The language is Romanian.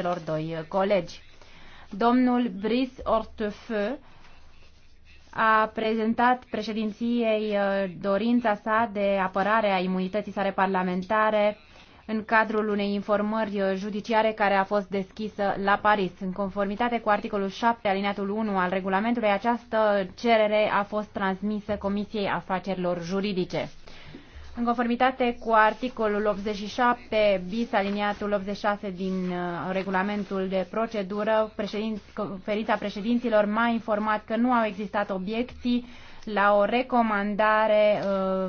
celor doi colegi. Domnul Brice Ortefeu a prezentat președinției uh, dorința sa de apărare a imunității sale parlamentare în cadrul unei informări uh, judiciare care a fost deschisă la Paris. În conformitate cu articolul 7 alineatul 1 al regulamentului, această cerere a fost transmisă Comisiei Afacerilor Juridice. În conformitate cu articolul 87 bis aliniatul 86 din uh, regulamentul de procedură, președin, conferința președinților m-a informat că nu au existat obiecții la o recomandare uh,